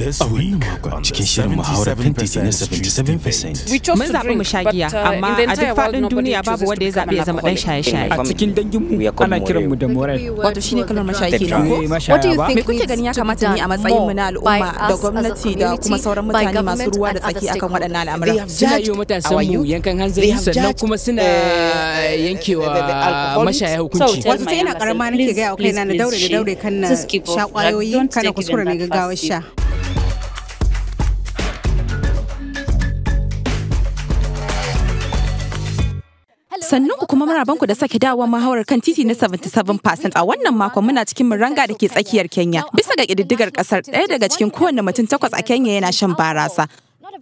This oh, week, on the 77%, uh, uh, we chose Mun zaɓi mu sha amma a duk faɗin duniya babu wanda ya zaɓi ya zama ɗan shaye-shaye. A cikin danginmu mu shine kalmar mashayi kenan ko? What do you think? Me kuke gani ya kamata ni yi a matsayin mu na al'umma da gwamnati da kuma sauran mutane masu ruwa da tsaki akan waɗannan al'amuran? Suna yi matasan mu yankan hanzari sannan kuma suna yankewa mashaya hukunci. Wato ta yana ƙarama nake ga wa kaina na daure da daure kan na sha ƙwayoyi kada kuskure ne gaggawar sha. sannunku ku kuma muna banku da sake dawowa mahawar kan titi na 77% a wannan makon muna cikin muranga da ke tsakiyar Kenya. Bisa ga kididdigar kasar ɗaya daga cikin kowane mutum takwas a Kenya yana shan barasa.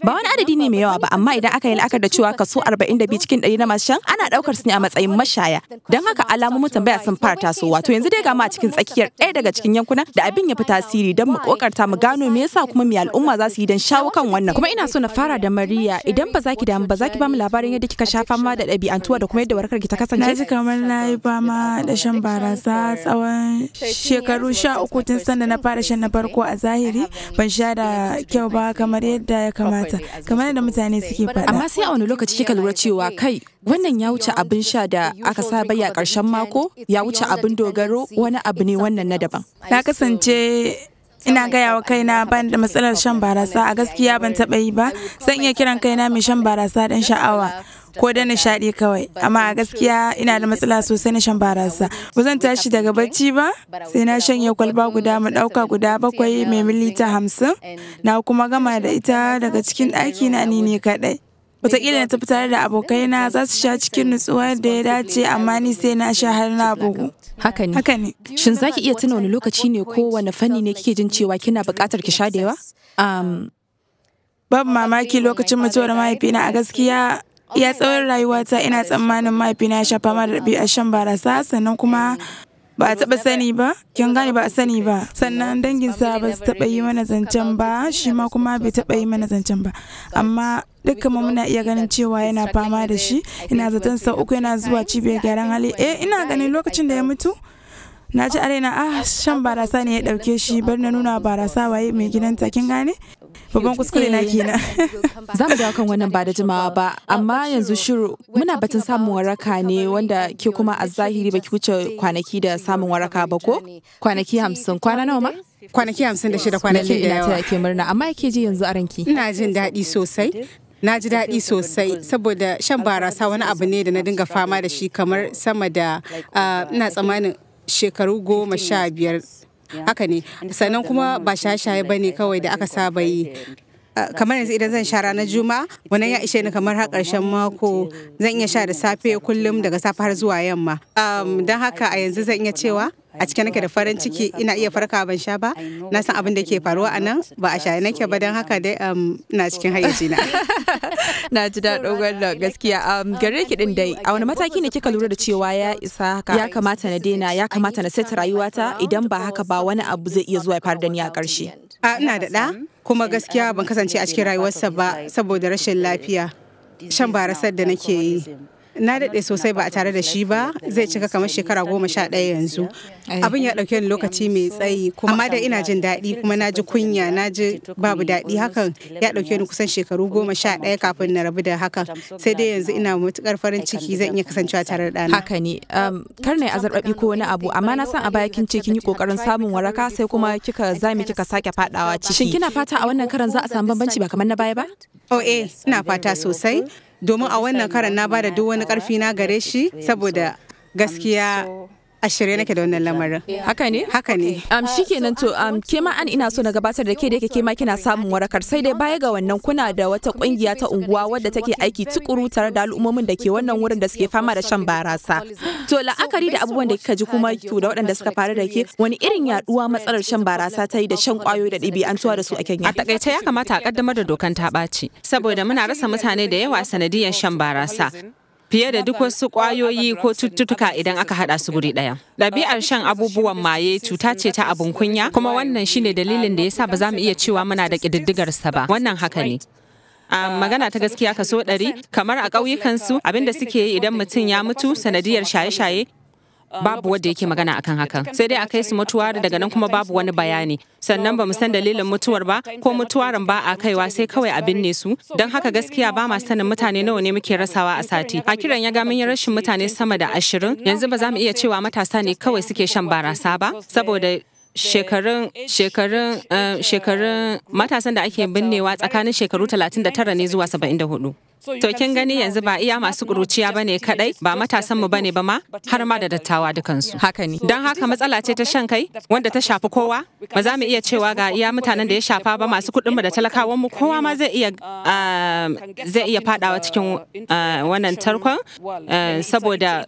Ba wani adadi ne mai yawa ba amma idan aka yi la'akar da cewa kaso arba'in 42 cikin 100 na masu shan ana daukar su ne a matsayin mashaya. Don haka alamomin tambaya sun fara tasowa to yanzu dai ga ma cikin tsakiyar ɗaya daga cikin yankunan da abin ya fi tasiri don mu kokarta mu gano me yasa kuma me al'umma za su yi don shawo kan wannan. Kuma ina so na fara da Maria idan ba za ki damu ba za ki ba mu labarin yadda kika shafa ma da ɗabi'antuwa da kuma yadda warkar ki ta kasance. Na ji kamar na yi fama da shan barasa tsawon shekaru sha uku tun sanda na fara shan na farko a zahiri ban sha da kyau ba kamar yadda ya kamata. mata kamar da mutane suke faɗa. Amma sai a wani lokaci kika lura cewa kai wannan ya wuce abin sha da aka saba ya karshen mako ya wuce abin dogaro wani abu ne wannan na daban. Na kasance ina gaya wa kaina ban da matsalar shan barasa a gaskiya ban taɓa yi ba zan iya kiran kaina mai shan barasa dan sha'awa ko da nishaɗi kawai amma a gaskiya ina da matsala sosai na shan barasa ba zan tashi daga bacci ba sai na shanye kwalba guda mu ɗauka guda bakwai mai milita hamsin na kuma gama da ita daga cikin ɗaki na ni ne kaɗai Wataƙila na tafi tare da abokaina za su sha cikin nutsuwa da ya dace amma ni sai na sha har na bugu. Haka ne. Haka ne. Shin za ki iya tuna wani lokaci ne ko wani fanni ne kike jin cewa kina buƙatar ki sha da yawa? Babu mamaki lokacin mutuwar mahaifina a gaskiya ya tsawon rayuwata ina tsammanin mahaifina ya sha fama da a shan barasa sannan kuma ba a taɓa sani ba kin gane ba a sani ba sannan danginsa ba su taɓa yi mana zancen ba shi ma kuma bai taɓa yi mana zancen ba amma dukkan mu muna iya ganin cewa yana fama da shi ina zaton sau uku yana zuwa cibiyar gyaran hali eh ina ganin lokacin da ya mutu na ji a raina ah shan barasa ne ya ɗauke shi bar na nuna barasa waye mai gidanta kin gane babban kuskure na kina za mu dawo kan wannan ba da jimawa ba amma yanzu shiru muna batun samun waraka ne wanda ke kuma a zahiri baki wuce kwanaki da samun waraka ba ko kwanaki hamsin kwana nawa ma kwanaki hamsin da shida kwanaki da yawa ke murna amma yake ji yanzu a ranki ina jin daɗi sosai na ji daɗi sosai saboda shan barasa wani abu ne da na dinga fama da shi kamar sama da ah, ina tsammanin shekaru goma sha biyar haka ne sannan kuma ba shaye-shaye ba ne kawai da aka saba yi kamar yanzu idan zan sha ranar juma'a wani ya ishe ni kamar har karshen mako zan iya sha da safe kullum daga safe har zuwa yamma oh, don haka a yanzu zan iya cewa a cikin nake da farin ciki ina iya farka ban sha ba na san abin da ke faruwa a nan ba a sha nake ba don haka dai ina cikin hayyacina na ji daɗin wannan gaskiya um, gare ki din dai a wani mataki ne kika lura da cewa ya isa haka ya kamata na daina ya kamata na saita rayuwata idan ba haka ba wani abu zai iya zuwa ya fara da ni a ƙarshe a ina da ɗa kuma gaskiya um, ban kasance a cikin um, rayuwarsa ba saboda rashin lafiya shan barasar da nake yi na daɗe sosai ba a tare da shi ba zai cika kamar shekara goma sha ɗaya yanzu abin ya ɗauke ni lokaci mai tsayi kuma amma da ina jin daɗi kuma na ji kunya na ji babu daɗi hakan ya ɗauke ni kusan shekaru goma sha ɗaya kafin na rabu da hakan sai dai yanzu ina matuƙar farin ciki zan iya kasancewa tare da ɗana. haka ne kar na azarɓaɓi ko wani abu amma na san a baya kin ce kin yi ƙoƙarin samun waraka sai kuma kika zami kika sake faɗawa ciki. shin kina fata a wannan karan za a samu bambanci ba kamar na baya ba? oh eh ina fata sosai. domin a wannan karan na bada duk wani karfi na gare shi saboda gaskiya a shirye nake da wannan lamarin haka ne haka ne um, shikenan to ke ma an ina so na gabatar da ke da yake ke ma kina samun warakar sai dai baya ga wannan kuna da wata kungiya ta unguwa wadda take aiki tukuru tare da al'ummomin da ke wannan wurin da suke fama da shan barasa to la'akari da abubuwan da kika ji kuma to da waɗanda suka faru da ke wani irin yaduwa matsalar shan barasa ta yi da shan kwayoyi da ɗabi'antuwa da su a Kenya a takaice ya kamata a kaddamar da dokan ta ɓaci saboda muna rasa mutane da yawa sanadiyar shan barasa fiye da duk wasu kwayoyi ko cututtuka idan aka haɗa su guri ɗaya. Ɗabi'ar shan abubuwan maye cuta ce ta abin kunya kuma wannan shine dalilin da yasa ba za mu iya cewa muna da ƙididdigarsa ba. Wannan haka ne. a magana ta gaskiya kaso ɗari kamar a ƙauyukansu abinda suke yi idan mutum ya mutu sanadiyar shaye-shaye babu wanda yake magana akan hakan sai dai a kai su mutuwar daga nan kuma babu wani bayani sannan ba mu san dalilin mutuwar ba ko mutuwarin ba a kaiwa sai kawai a binne su don haka gaskiya ba ma sanin mutane nawa ne muke rasawa a sati a kiran ya ga mun yi rashin mutane sama da ashirin yanzu ba za mu iya cewa matasa ne kawai suke shan barasa ba saboda shekarun shekarun eh, shekarun matasan da ake binnewa tsakanin shekaru 39 ne zuwa 74. To kin gani yanzu ba iya masu kuruciya bane kadai ba matasan mu bane ba ma har ma da dattawa dukansu. Haka ne. Don haka matsala ce ta shan kai wanda ta shafi kowa ba za mu iya cewa ga iya mutanen da ya shafa ba masu kuɗin mu da talakawan mu kowa ma zai iya eh, zai iya fadawa cikin eh, wannan tarkon saboda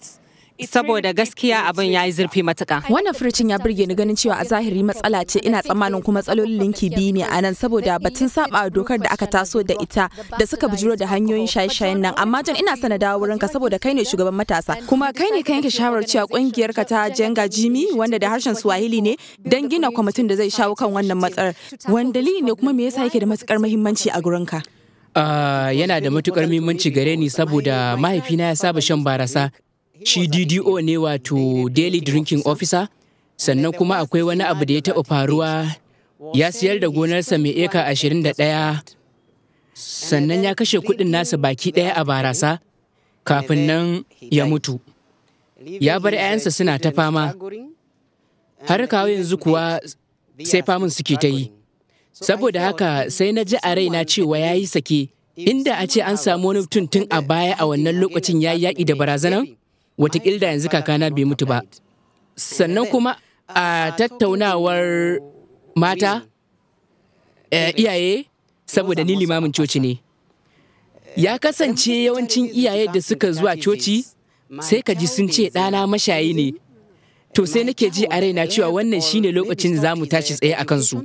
saboda gaskiya abin ya yi zurfi matuka. Wannan furucin ya burge ni ganin cewa a zahiri matsala ce ina tsammanin kuma matsalolin linki biyu ne a nan saboda batun saba dokar da aka taso da ita da suka bijiro da hanyoyin shaye-shayen nan amma jan ina sana dawo wurinka saboda kai ne shugaban matasa kuma kai ne ka yanke shawarar cewa kungiyar ka ta Jenga Jimi wanda da harshen Swahili ne dan gina kwamitin da zai shawo kan wannan matsalar. Wani dalili ne kuma me yasa yake da matukar muhimmanci a gurinka? Uh, yana da matukar muhimmanci gare ni saboda mahaifina ya saba shan barasa shi DDO ne wato Daily Drinking Officer, sannan kuma akwai wani abu da ya taɓa faruwa ya siyar da gonarsa mai eka 21 sannan ya kashe kuɗin nasa baki ɗaya a barasa kafin nan ya mutu. Ya bar 'ya'yansa suna ta fama, har kawo yanzu kuwa sai famun suke ta yi. Saboda haka sai na ji a raina cewa ya yi sake. inda a ce an samu wani tuntun a baya a wannan lokacin ya yi yaƙi da barazanan. watakilda yanzu kakana bai mutu ba sannan kuma a tattaunawar mata eh, iyaye saboda ni limamin coci ne ya kasance yawancin iyaye da suka zuwa coci sai ka ji sun ce ɗana mashayi ne to sai nake ji a raina cewa wannan shine lokacin da za mu tashi tsaye a kansu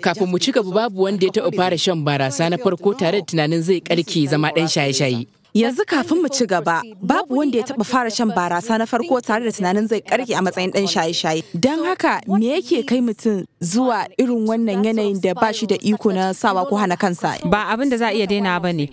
kafin mu ci gaba babu wanda ya taɓa fara shan barasa na farko tare da tunanin zai karke zama ɗan shaye-shaye Yanzu kafin mu ci gaba, babu wanda ya taɓa fara shan barasa na farko tare da tunanin zai karke a matsayin ɗan shaye-shaye. Don haka, me yake kai mutum zuwa irin wannan yanayin da ba shi da iko na sawa ko hana kansa? Ba abin da za a iya daina ba ne.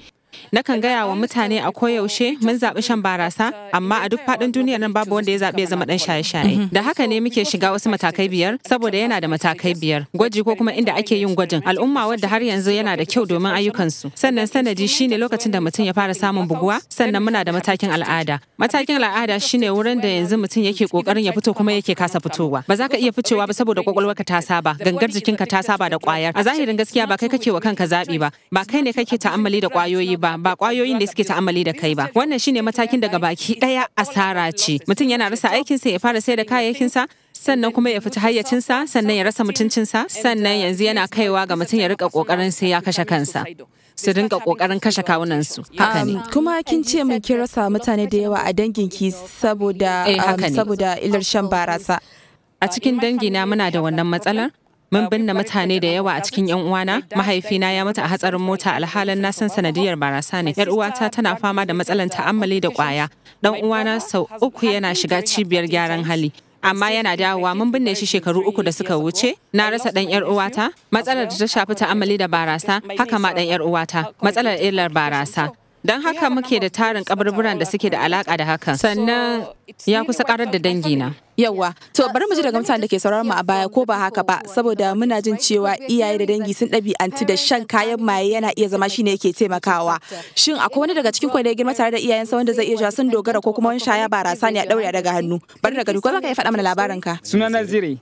Nakan gaya wa mutane a koyaushe mun zaɓi shan barasa, amma a duk faɗin duniya nan babu wanda ya zaɓi ya zama ɗan shaye-shaye. Mhm. Da haka ne muke shiga wasu matakai biyar, saboda yana da matakai biyar. Gwaji ko kuma inda ake yin gwajin. Al'umma wadda har yanzu yana da kyau domin ayyukansu. Sannan sanadi shine lokacin da mutum ya fara samun buguwa, sannan muna da matakin al'ada. Matakin al'ada shine wurin da yanzu mutum yake kokarin ya fito kuma yake kasa fitowa. Ba za ka iya ficewa ba saboda ka ta saba, gangar jikinka ta saba da kwayar. A zahirin gaskiya ba kai kake wa kanka zaɓi ba, ba kai ne kake ta'ammali da kwayoyi ba, ba kwayoyin da suke ta'amali da kai ba wannan shine matakin daga baki daya asara ce mutum yana rasa aikinsa ya fara sai da kayayyakinsa sannan kuma ya fita hayyacinsa sannan ya rasa mutuncinsa sannan yanzu yana kaiwa ga mutum ya rika kokarin sai ya kashe kansa su dinga kokarin kashe kawunansu haka ne um, kuma kin ce mun kin rasa mutane da yawa a danginki saboda eh, um, saboda illar shan barasa a cikin dangina muna da wannan matsalar mun binne mutane da yawa a cikin yan uwana mahaifina ya mutu a hatsarin mota alhalin na san sanadiyar barasa ne yar uwata tana fama da matsalar ta'ammali da kwaya dan uwana sau uku yana shiga cibiyar gyaran hali amma yana dawowa mun binne shi shekaru uku da suka wuce na rasa dan yar uwata matsalar da ta shafi ta'ammali da barasa haka ma dan yar uwata matsalar illar barasa Don haka muke da tarin kaburburan da suke da alaka da hakan. Sannan ya kusa karar da dangina. Yawwa, to bari mu ji daga mutanen da ke sauraron mu a baya ko ba haka ba, saboda muna jin cewa iyaye da dangi sun ɗabi'antu da shan kayan maye yana iya zama shine yake taimakawa. Shin akwai wani daga cikin ku girma tare da iyayensa wanda zai iya jawa sun dogara ko kuma wani shaya barasa ne a ɗaure daga hannu? Bari daga duk za ka iya faɗa mana labarin ka. Suna Zire,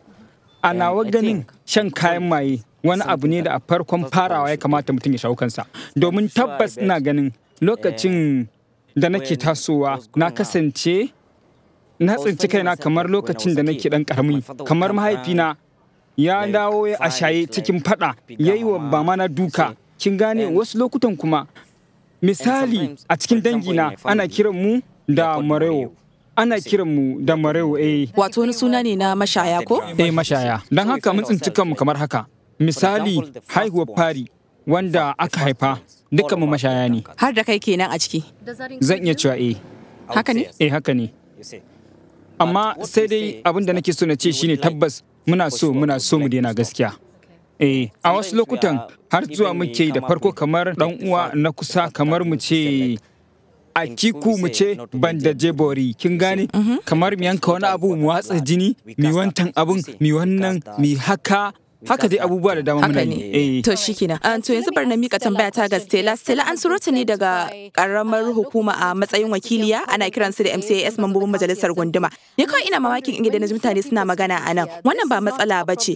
a nawa ganin shan kayan maye wani abu ne da a farkon farawa ya kamata mutum ya shawo kansa. Domin tabbas ina ganin Lokacin eh, da nake tasowa na kasance na tsinci kaina kamar lokacin da nake dan karami. kamar mahaifina ya dawo ya ashaye cikin fada. ya yi wa ba mana duka. Kin gane wasu lokutan kuma misali a cikin dangina ana kiran mu da marewo. ana kiran mu da marewo eh. Wato wani suna ne na mashaya ko? Eh mashaya. Don haka mun tsinci kanmu kamar haka. Misali haihuwar fari wanda aka haifa dukkan mu mashaya ne. Har da kai kenan a ciki. Zan iya cewa eh. Haka ne? Eh haka ne. Amma sai dai abin da nake so na ce shine tabbas muna so muna so mu daina gaskiya. Eh, a wasu lokutan har zuwa muke da farko kamar dan uwa na kusa kamar mu ce a kiku mu ce ban da jebori kin gane mm-hmm. kamar mu yanka wani abu mu watsa jini mi wantan abun mi wannan mi haka haka dai abubuwa da dama muna yi eh. to shi an ah, to yanzu bar na mika tambaya ta ga Stella Stella an surutu ne daga karamar hukuma a matsayin wakiliya ana kiran su da MCAS mambobin majalisar gunduma ni kawai ina mamakin inda na mutane suna magana a nan wannan ba matsala ba ce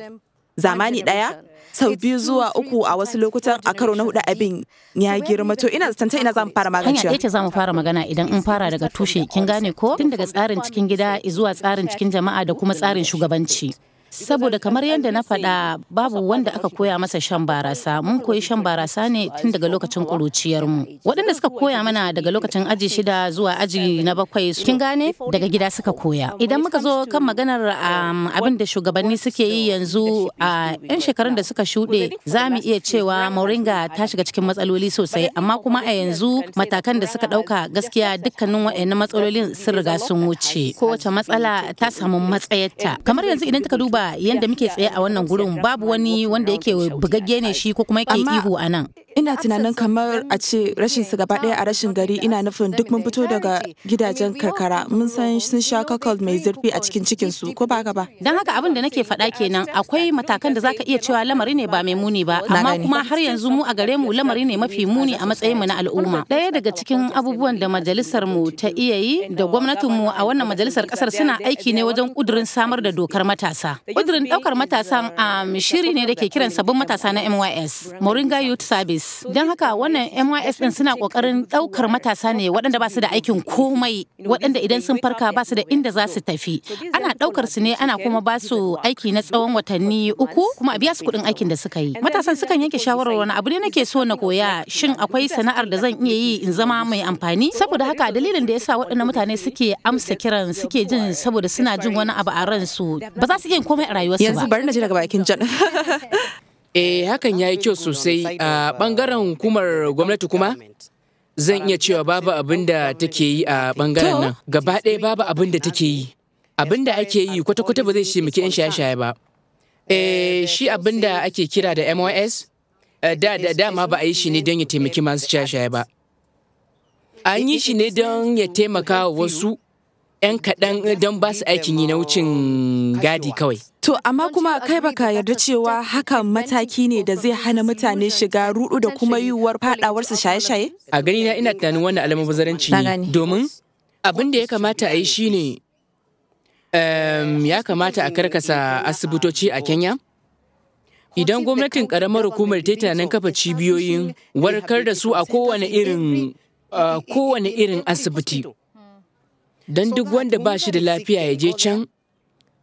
zamani daya sau biyu zuwa uku a wasu lokutan a karo na hudu abin ya girma to ina zata ina zamu fara magana hanya ita zamu fara magana idan in fara daga tushe kin gane ko tun daga tsarin cikin gida zuwa tsarin cikin jama'a da kuma tsarin shugabanci Saboda kamar yadda na faɗa babu wanda aka koya masa shan barasa, mun koyi shan barasa ne tun daga lokacin ƙuruciyarmu. Waɗanda suka koya mana daga lokacin aji shida zuwa aji na bakwai kin gane daga gida suka koya. Idan muka zo kan maganar um, abin da shugabanni suke yi yanzu a uh, 'yan shekarun da suka shuɗe za mu iya cewa Moringa ta shiga cikin matsaloli sosai amma kuma a yanzu matakan da suka ɗauka gaskiya dukkanin waɗannan matsalolin sun riga sun wuce. Kowace matsala ta samu matsayarta. Kamar yanzu idan ka duba yadda muke tsaye a wannan gurin babu wani wanda yake bugagge ne shi ko kuma yake ihu a nan Ina tunanin kamar a ce rashin su gaba ɗaya a rashin gari ina nufin duk mun fito daga gidajen karkara mun san sun sha kakal mai zurfi a cikin cikin su ko ba ba. Don haka abin da nake faɗa kenan akwai matakan da zaka iya cewa lamari ne ba mai muni ba amma kuma har yanzu mu a gare mu lamari ne mafi muni a matsayin mu na al'umma. Daya daga cikin abubuwan da majalisar mu ta iya yi da gwamnatin mu a wannan majalisar kasar suna aiki ne wajen kudurin samar da dokar matasa. Kudurin ɗaukar matasan a shiri ne da ke kiran sabbin matasa na MYS, Moringa Youth Service. mys don haka wannan mys din suna kokarin daukar matasa ne waɗanda ba su da aikin komai waɗanda idan sun farka ba su da inda za su tafi ana daukar su ne ana kuma ba su aiki na tsawon watanni uku kuma a biya su kuɗin aikin da suka yi matasan sukan yanke shawarar wani abu ne nake so na koya shin akwai sana'ar da zan iya yi in zama mai amfani saboda haka dalilin da ya sa waɗannan mutane suke amsa kiran suke jin saboda suna jin wani abu a ransu ba za su iya komai a rayuwarsu ba yanzu bari na ji daga bakin jan Eh hakan ya yi kyau sosai a ɓangaren hukumar gwamnati kuma? Zan iya cewa babu abin da take yi a ɓangaren nan. Gaba ɗaya babu abin da take yi. Abin da ake yi kwata-kwata ba zai taimaki 'yan shaye-shaye ba. Eh shi abin da ake kira da MOS? Eh, da da dama ba a yi shi ne don ya taimaki masu shaye-shaye ba. An yi shi ne don ya taimaka wasu 'yan kaɗan don ba su aikin yi na wucin gadi kawai. To, amma kuma kai baka yarda cewa hakan mataki ne da zai hana mutane shiga rudu da kuma yiwuwar fadawar su shaye-shaye? A gani na ina tunanin wannan alamun bazaranci ne. Domin abin da ya kamata a yi shine ne, ya kamata a karkasa asibitoci a Kenya. Idan gwamnatin karamar hukumar ta tunanin kafa cibiyoyin warkar da su a kowane irin asibiti. don duk wanda ba shi da lafiya ya je can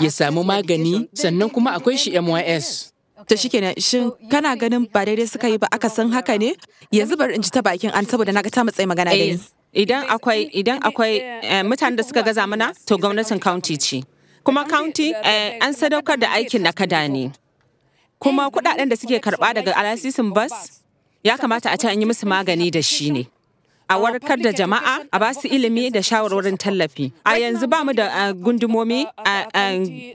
ya samu magani sannan kuma akwai shi MYS. Ta shi kenan shin kana ganin ba daidai suka yi ba aka san haka ne? Yanzu bari in ji ta bakin an saboda na ga ta matsayi magana da ni. Eh, idan akwai idan eh, mutanen da suka gaza mana to gwamnatin county ce. Kuma county eh, an sadaukar da aikin na kada ne. Kuma kudaden da suke karba daga alasisin bas ya kamata a ce an yi musu magani da shi ne. a warkar da jama'a a ba su ilimi da shawarwarin tallafi a yanzu ba mu da eh, gundumomi eh, eh,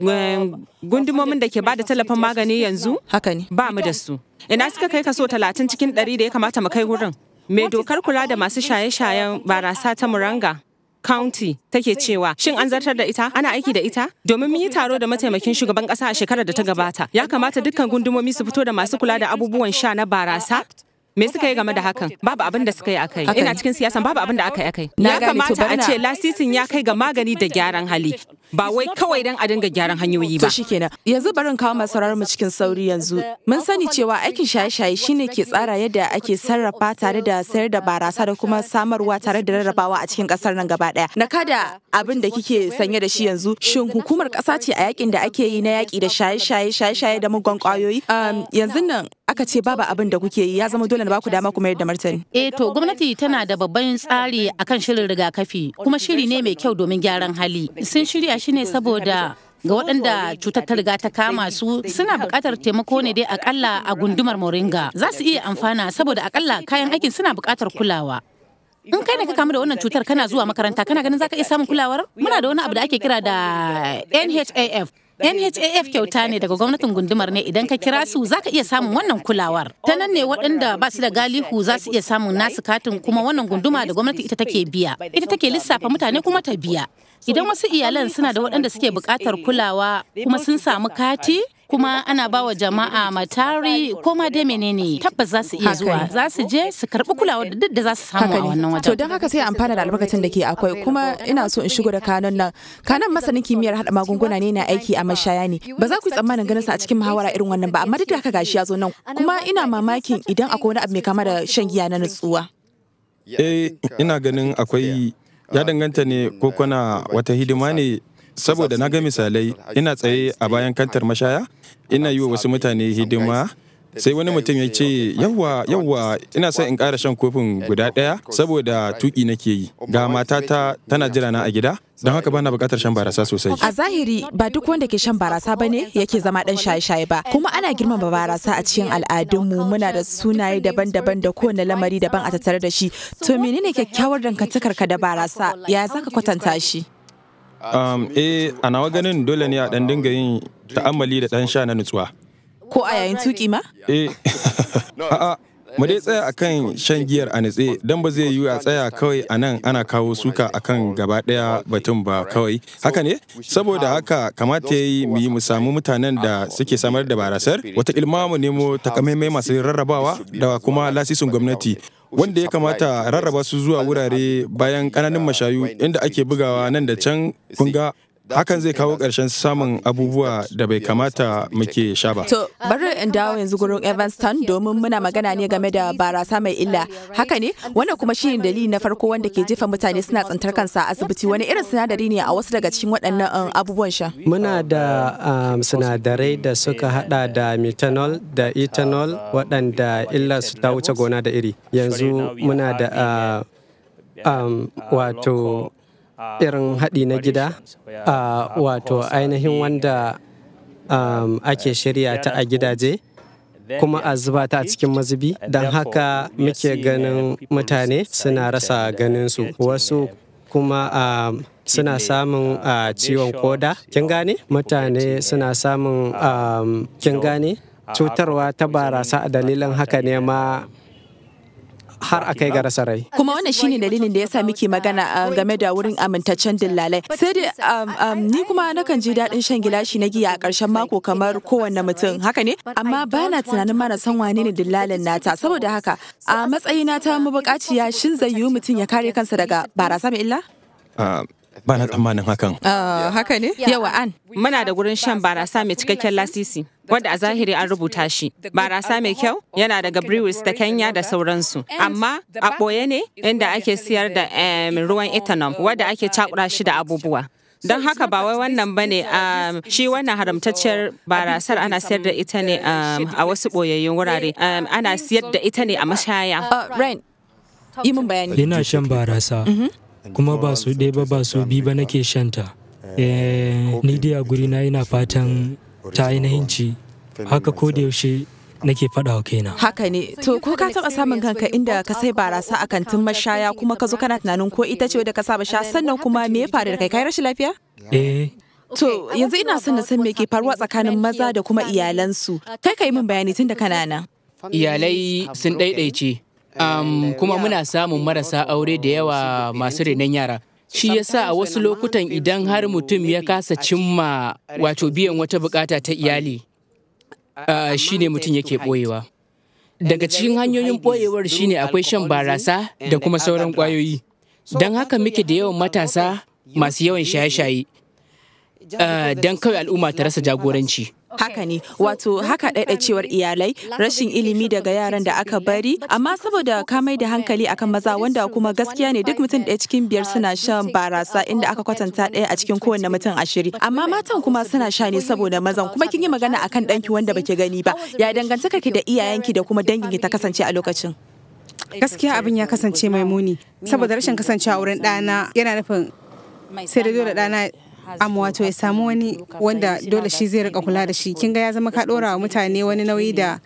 gundumomin da ke ba da tallafin magani yanzu haka ne ba mu da su ina suka kai kaso talatin cikin ɗari da ya kamata mu kai wurin mai dokar kula da masu shaye-shayen barasa ta muranga County take cewa shin an zartar da ita ana aiki da ita domin mun yi taro da mataimakin shugaban kasa a shekarar da ta gabata ya kamata dukkan gundumomi su fito da masu kula da abubuwan sha na barasa me suka yi game da hakan babu abin da suka yi akai ina cikin siyasan babu abin da aka yi akai ya kamata a ce lasisin ya kai ga magani da gyaran hali ba wai kawai don a dinga gyaran hanyoyi ba. To kenan, yanzu barin kawo masarar mu cikin sauri yanzu. Mun sani cewa aikin shaye-shaye shine ke tsara yadda ake sarrafa tare da sayar da barasa da kuma samarwa tare da rarrabawa a cikin kasar nan gaba daya. Na kada abin da kike sanye da shi yanzu shin hukumar kasa ce a yakin da ake yi na yaki da shaye-shaye shaye-shaye da mugun kwayoyi. yanzu nan aka ce babu abin da kuke yi ya zama dole na baku dama kuma yadda martani. Eh to gwamnati tana da babban tsari akan shirin rigakafi kuma shiri ne mai kyau domin gyaran hali. Sun shirya shi ne saboda ga waɗanda cutar ta riga ta kama su suna buƙatar taimako ne dai akalla a gundumar moringa za su iya amfana saboda akalla kayan aikin suna buƙatar kulawa in kai ne ka kamu da wannan cutar kana zuwa makaranta kana ganin zaka iya samun kulawar muna da wani abu da ake kira da NHAF NHAF kyauta ne daga gwamnatin gundumar ne idan ka kira su zaka iya samun wannan kulawar. Ta nan ne waɗanda ba su da galihu za su iya samun nasu katin kuma wannan gunduma da gwamnati ita take biya. Ita take lissafa mutane kuma ta biya. Idan wasu iyalan suna da waɗanda suke buƙatar kulawa kuma sun samu kati, kuma ana ba wa jama'a matari ko ma dai menene tabbas za su iya zuwa za su je su karbi kulawar da duk da za su samu a wannan wajen. To don haka sai amfana da albarkacin da ke akwai kuma ina so in shigo da kanon nan. Kanon masanin kimiyyar haɗa magunguna ne na aiki a mashaya ne. Ba za ku yi tsammanin ganin sa a cikin muhawara irin wannan ba amma duk da haka gashi ya zo nan kuma ina mamakin idan akwai wani abu mai kama da shan giya na nutsuwa. Eh ina ganin akwai ya danganta ne ko kuna wata hidima ne Saboda na ga misalai ina tsaye a bayan kantar mashaya, ina yi wa wasu mutane hidima sai wani mutum ya ce yawwa yawwa ina son in kara shan kofin guda ɗaya saboda tuƙi nake yi ga matata tana jira na a gida don haka bana buƙatar shan barasa sosai a zahiri ba duk wanda ke shan barasa bane yake zama ɗan shaye-shaye ba kuma ana girmama barasa a cikin al'adunmu muna da sunaye daban-daban da kowane lamari daban a tattare da shi to menene kyakkyawar dangantakar ka da barasa ya zaka kwatanta shi Um, eh, a nawa ganin dole ne a ɗan dinga yin ta'ammali da ɗan sha na nutsuwa. Ko a yayin tuki ma? Eh, a'a, mu dai tsaya akan shan giyar a nutse don ba zai yiwu a tsaya kawai a nan ana kawo suka akan gaba ɗaya batun ba kawai haka ne saboda haka kamata ya yi mu yi mu samu mutanen da suke samar da barasar wata ilma mu nemo takamaimai masu rarrabawa da kuma lasisin gwamnati wanda ya kamata rarraba su zuwa wurare bayan kananan mashayu inda ake bugawa nan da can kunga hakan zai kawo ƙarshen samun abubuwa da bai kamata muke sha ba. To, bari in dawo yanzu gurin Evanston domin muna magana ne game da barasa mai illa. Haka ne, wannan kuma shi dalili na farko wanda ke jefa mutane suna tsantar kansa a asibiti wani irin sinadari ne a wasu daga cikin waɗannan um, abubuwan sha. Muna da um, sinadarai da suka hada da methanol da ethanol waɗanda illa su ta wuce gona da iri. Yanzu muna da uh, um, wato irin haɗi na gida wato ainihin wanda ake shirya ta a gidaje kuma a zuba ta a cikin mazubi don haka muke ganin mutane suna rasa ganinsu wasu kuma suna samun ciwon koda kin gane mutane suna samun kin gane cutarwa ta barasa a dalilin haka ne ma har aka yi ga Kuma wannan shine dalilin da ya sa muke magana ah, game da wurin amintaccen dillalai. Sai dai ah, ah, ni kuma nakan ji daɗin shan gilashi na giya a ƙarshen mako kamar kowanne mutum haka ne? Amma ba na tunanin mara san wane ne dillalin nata saboda haka a matsayina ta mabuƙaciya shin zai yiwu mutum ya kare kansa daga barasa mai illa? ba na tsammanin hakan. Ah, haka ne? Yawa an. Muna da gurin shan barasa mai cikakken lasisi, wadda a zahiri an rubuta shi. Barasa mai kyau yana daga Brewers da Kenya da sauransu. Amma a ɓoye ne inda ake siyar da ruwan ethanol, uh, wadda ake cakura shi da abubuwa. don haka ba wai wannan ba ne uh, um, shi wannan haramtacciyar barasar ana siyar da ita ne uh, um, a wasu ɓoyayyun wurare um, ana siyar da ita ne a mashaya. Rain, yi mun bayani. Ina shan barasa. Mm-hmm. kuma ba su ɗaya ba su bi ba nake shanta eh, ni dai a guri na ina fatan ta ainihin ci haka ko da yaushe nake faɗa wa kaina. Haka ne, to ko ka taɓa samun kanka inda ka sai barasa a kantin mashaya kuma ka zo kana tunanin ko ita ce wadda ka saba sha sannan kuma me ya faru da kai kai rashin lafiya? Eh. To yanzu ina son na san me ke faruwa tsakanin maza da kuma iyalansu. Kai ka yi min bayani tun da kana Iyalai sun ɗaiɗaice. Um, kuma muna samun marasa aure da yawa masu renon yara. Shi yasa a wasu lokutan idan har mutum ya kasa cimma wato biyan wata bukata ta iyali, uh, eh, shi ne mutum yake boyewa Daga cikin hanyoyin ɓoyewar ne akwai shan barasa da kuma sauran kwayoyi Don haka muke da yawan matasa masu yawan shaye-shaye, uh, don kawai al'umma ta rasa jagoranci. Haka ne, wato haka cewar iyalai, rashin ilimi daga yaran da aka bari, amma saboda ka mai da hankali akan maza wanda kuma gaskiya ne duk mutum ɗaya cikin biyar suna shan uh, barasa inda aka kwatanta ɗaya a cikin kowane mutum ashiri. Amma matan kuma suna sha ne saboda mazan kuma kin yi magana akan ɗanki wanda baki gani ba. Ya dangantaka ki da iyayenki da kuma danginki ta kasance a lokacin. Gaskiya abin ya kasance mai muni saboda rashin kasancewa wurin ɗana yana nufin sai da dole ɗana am wato ya samu wani wanda dole shi zai rika kula da shi kin ga ya zama ka dora wa mutane wani nauyi da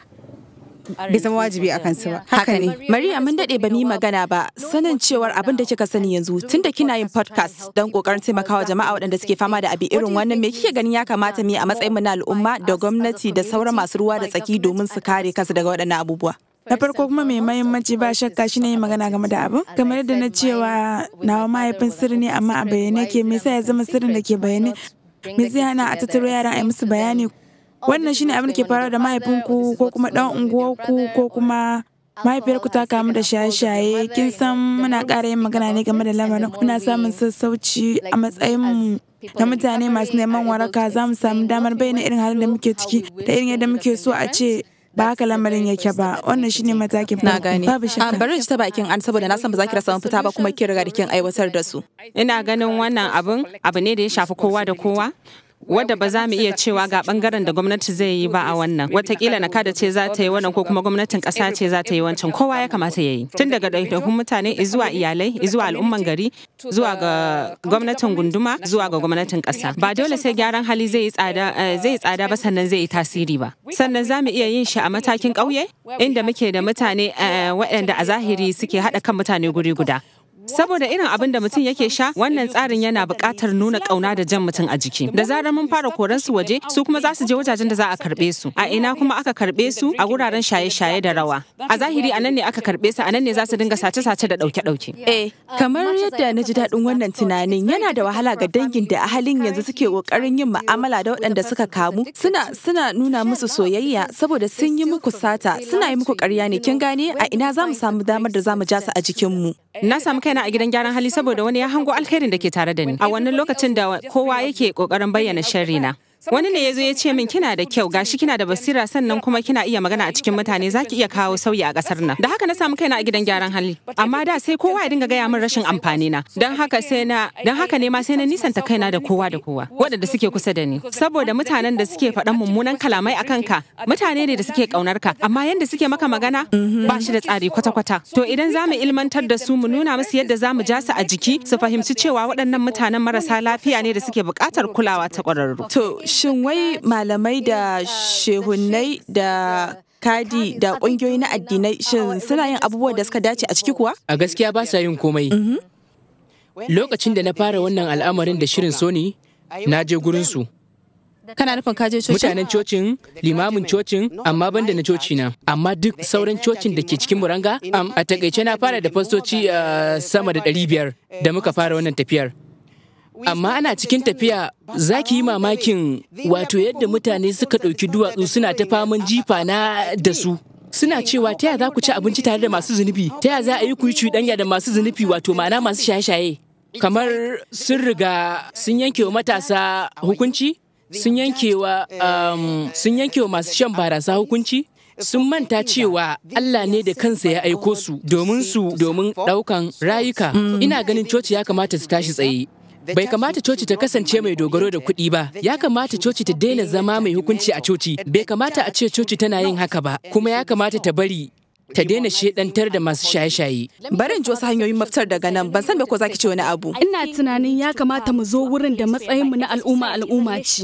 bai zama wajibi a kansu ba haka ne maria mun dade ba mu magana ba sanin cewar abin da kika sani yanzu tunda kina yin podcast don kokarin taimakawa jama'a waɗanda suke fama da abi irin wannan me kike ganin ya kamata mu a matsayin mu na al'umma da gwamnati da sauran masu ruwa da tsaki domin su kare kansu daga waɗannan abubuwa Na farko kuma mai mahimmanci ba shakka shine yin magana game da abin. Kamar yadda na cewa nawa mahaifin sirri ne amma a bayyane ke me yasa ya zama sirrin da ke bayyane. Me zai hana a tattaro yaran a yi musu bayani. Wannan shine abin da ke faruwa da mahaifinku ko kuma dan unguwarku ko kuma mahaifiyarku ta kamu da shaye-shaye kin san muna ƙara yin magana ne game da lamarin muna samun sassauci a matsayinmu na mutane masu neman waraka za mu samu damar bayyana irin halin da muke ciki da irin yadda muke so a ce ba haka lamarin yake ba wannan shine matakin na gane ah, ta bakin an saboda na san ba za ki rasa mun fita ba kuma kin riga da kin aiwatar da su ina ganin wannan abun abu ne da ya shafi kowa da kowa wadda ba za mu iya cewa ga bangaren da gwamnati zai yi ba a wannan watakila na kada ce za ta yi wannan ko kuma gwamnatin kasa ce za ta yi wancan kowa ya kamata ya yi tun daga ɗaiɗaikun mutane zuwa iyalai zuwa al'umman gari zuwa ga gwamnatin gunduma zuwa ga gwamnatin kasa ba dole sai gyaran hali zai yi tsada eh, zai tsada ba sannan zai yi tasiri ba sannan za mu iya yin shi a matakin ƙauye inda muke da mutane eh, waɗanda a zahiri suke haɗa kan mutane guri guda Saboda irin abin da mutum yake sha, wannan tsarin yana buƙatar nuna ƙauna da jan mutum a jiki. Da zarar mun fara koran su waje, su kuma za su je wajajen da za a karɓe su. A ina kuma aka karɓe su a wuraren shaye-shaye da rawa. A zahiri anan ne aka karɓe su, anan ne za su dinga sace-sace da ɗauke-ɗauke. Eh, kamar yadda na ji daɗin wannan tunanin, yana da wahala ga dangin da a halin yanzu suke ƙoƙarin yin mu'amala da waɗanda suka kamu, suna suna nuna musu soyayya saboda sun yi muku sata, suna yi muku ƙarya ne. Kin gane a ina za mu samu damar da za mu ja su a jikinmu. Na samu kai magana a gidan gyaran hali saboda wani ya hango alherin da ke tare da ni a wannan lokacin da kowa yake kokarin bayyana na Wani ne ya zo ya ce min kina da kyau gashi kina da basira sannan kuma kina iya magana a cikin mutane zaki iya kawo sauyi a kasar nan. Da haka na samu kaina a gidan gyaran hali. Amma da sai kowa ya dinga gaya min rashin amfani na. Don haka sai na don haka ne ma sai na nisanta kaina da kowa da kowa waɗanda suke kusa da ni. Saboda mutanen da suke faɗan mummunan kalamai akan ka mutane ne da suke kaunar ka amma yanda suke maka magana ba shi da tsari kwata-kwata. To idan za mu ilmantar da su mu nuna musu yadda za mu ja su a jiki su fahimci cewa waɗannan mutanen marasa lafiya ne da suke buƙatar kulawa ta ƙwararru. Shin wai malamai da shehunai da kadi da ƙungiyoyi na addinai shin suna yin abubuwan da suka dace a ciki kuwa? A gaskiya ba sa yin komai. Mm-hmm. Lokacin da na fara wannan al'amarin da shirin Sony, na je gurinsu. Kana nufin kaje cocin? Mutanen cocin, limamin cocin, amma banda na coci na. Amma duk sauran cocin da ke cikin Muranga, a takaice na fara da fastoci ah, sama da ɗari biyar da muka fara wannan tafiyar. Amma ana cikin tafiya za ki yi mamakin wato yadda mutane suka ɗauki duwatsu suna ta faman jifa na da su. Suna cewa ta za ku ci abinci tare da masu zunubi, ta za a yi ku yi cuɗanya da masu zunubi wato ma'ana masu shaye-shaye. Kamar sun riga sun yanke wa matasa hukunci, sun yanke wa um, sun yanke wa masu shan barasa hukunci, sun manta cewa Allah ne da kansa ya aiko su domin su domin ɗaukan rayuka. Ina ganin coci ya kamata su tashi tsaye. Bai kamata coci ta kasance mai dogaro da kuɗi ba, ya kamata coci ta daina zama mai hukunci a coci, bai kamata a ce coci tana yin haka ba, kuma ya kamata ta bari ta daina shedantar da masu shaye-shaye. Barin ji wasu hanyoyin mafitar daga nan ban san me ko zaki ce wani abu. Ina tunanin ya kamata mu zo wurin da matsayin mu na al'umma al'umma ce.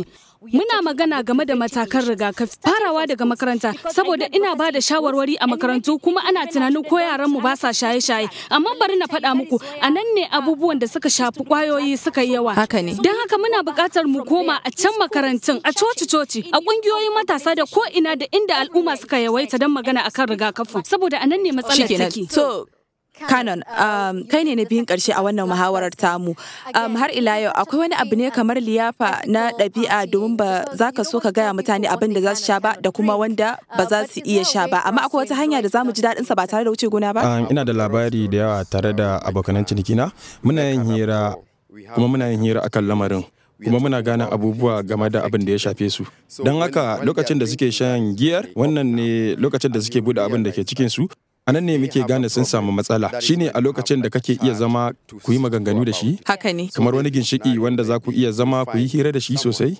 Muna magana game da matakan rigakafi farawa daga makaranta saboda ina ba da shawarwari a makarantu kuma ana tunanin ko yaranmu ba sa shaye-shaye amma bari na faɗa muku a nan ne abubuwan da suka shafi kwayoyi suka yi yawa. Haka ne. Don haka muna buƙatar mu koma a can makarantun a coci-coci a ƙungiyoyin matasa da ko ina da inda al'umma suka yawaita don magana akan rigakafi saboda a nan ne matsalar take. Canon, um, kai ne na biyun ƙarshe a wannan muhawarar tamu. Um, har ila yau akwai wani abu ne kamar liyafa na ɗabi'a domin ba za ka so ka gaya mutane abin da za su sha ba da kuma wanda ba za su iya sha ba. Amma akwai wata hanya da za mu ji daɗin sa ba tare da wuce gona ba? Um, ina da labari da yawa tare da abokanan cinikina. Muna yin hira kuma muna yin hira akan lamarin. kuma muna gane abubuwa game da abin da ya shafe su don haka lokacin da suke shan giyar wannan ne lokacin da suke bude abin da ke cikin su A nan ne muke gane sun samu matsala shine a lokacin da kake uh, iya zama ku yi maganganu da shi? Haka ne. Kamar wani ginshiki wanda za ku iya zama ku yi hira da shi sosai?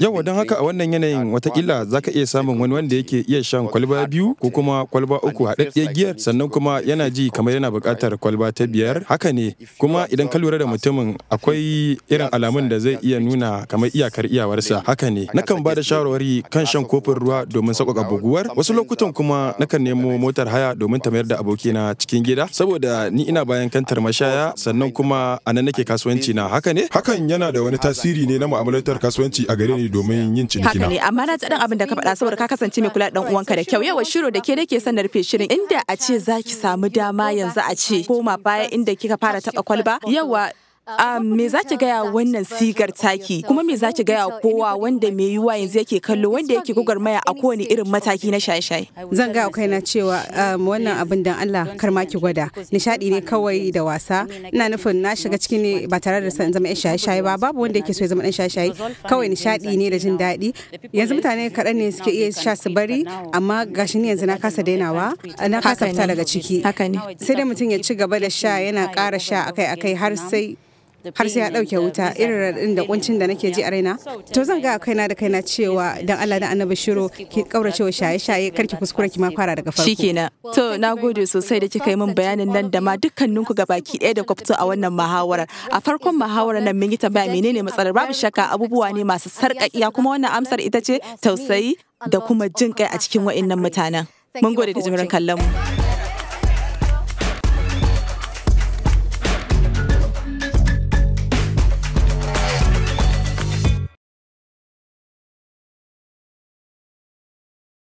Yawa don haka a wannan yanayin watakila za ka iya samun wani wanda yake iya shan kwalba biyu ko kuma kwalba uku haɗaɗɗiyar giyar sannan kuma yana ji kamar yana buƙatar kwalba ta biyar haka ne kuma idan ka lura da mutumin akwai irin alamun da zai iya nuna kamar iyakar iyawarsa haka ne nakan ba da shawarwari kan shan kofin ruwa domin sauƙaƙa buguwar wasu lokutan kuma nakan nemo motar haya domin ta mayar da abokina cikin gida saboda ni ina bayan kantar mashaya sannan kuma a nan nake kasuwanci na haka ne hakan yana da wani tasiri ne na mu'amalar kasuwanci a gare ni yi domin yin ciniki haka ne amma na ji ɗan abin da ka faɗa saboda ka kasance mai kula da dan uwanka da kyau yawa shiro da ke nake son na rufe shirin inda a ce za ki samu dama yanzu a ce koma baya inda kika fara taɓa kwalba yawa Ah, ah, me za ki gaya wannan sigar taki kuma me za ki gaya kowa wanda mai yiwuwa yanzu yake kallo wanda yake maya a kowane irin mataki na shaye-shaye? Zan gaya kai na cewa um, wannan abin dan Allah kar ki gwada nishadi ne kawai da wasa ina nufin na shiga cikin ne ba tare da san zama shaye-shaye ba babu wanda yake so ya zama dan shaye-shaye kawai nishadi ne da jin daɗi yanzu mutane kaɗan ne suke iya sha su bari amma gashi ni yanzu na kasa dainawa na kasa fita daga ciki haka ne sai dai mutum ya ci gaba da sha yana ƙara sha akai-akai har sai har sai ya ɗauke wuta irin raɗin da kuncin da nake ji a raina to zan ga kaina da kaina cewa dan Allah da annabi shiro ki kaurace shaye-shaye kar ki kuskura ki ma fara daga farko shikenan to nagode sosai da kika yi min bayanin nan da ma dukkaninku gabaki ɗaya da kwafto a wannan muhawarar a farkon muhawarar nan mun yi tambaya menene matsalar babu shakka abubuwa ne masu sarƙaƙiya kuma wannan amsar ita ce tausayi da kuma jin kai a cikin wa'annan mutanen mun gode da jimirin kallon mu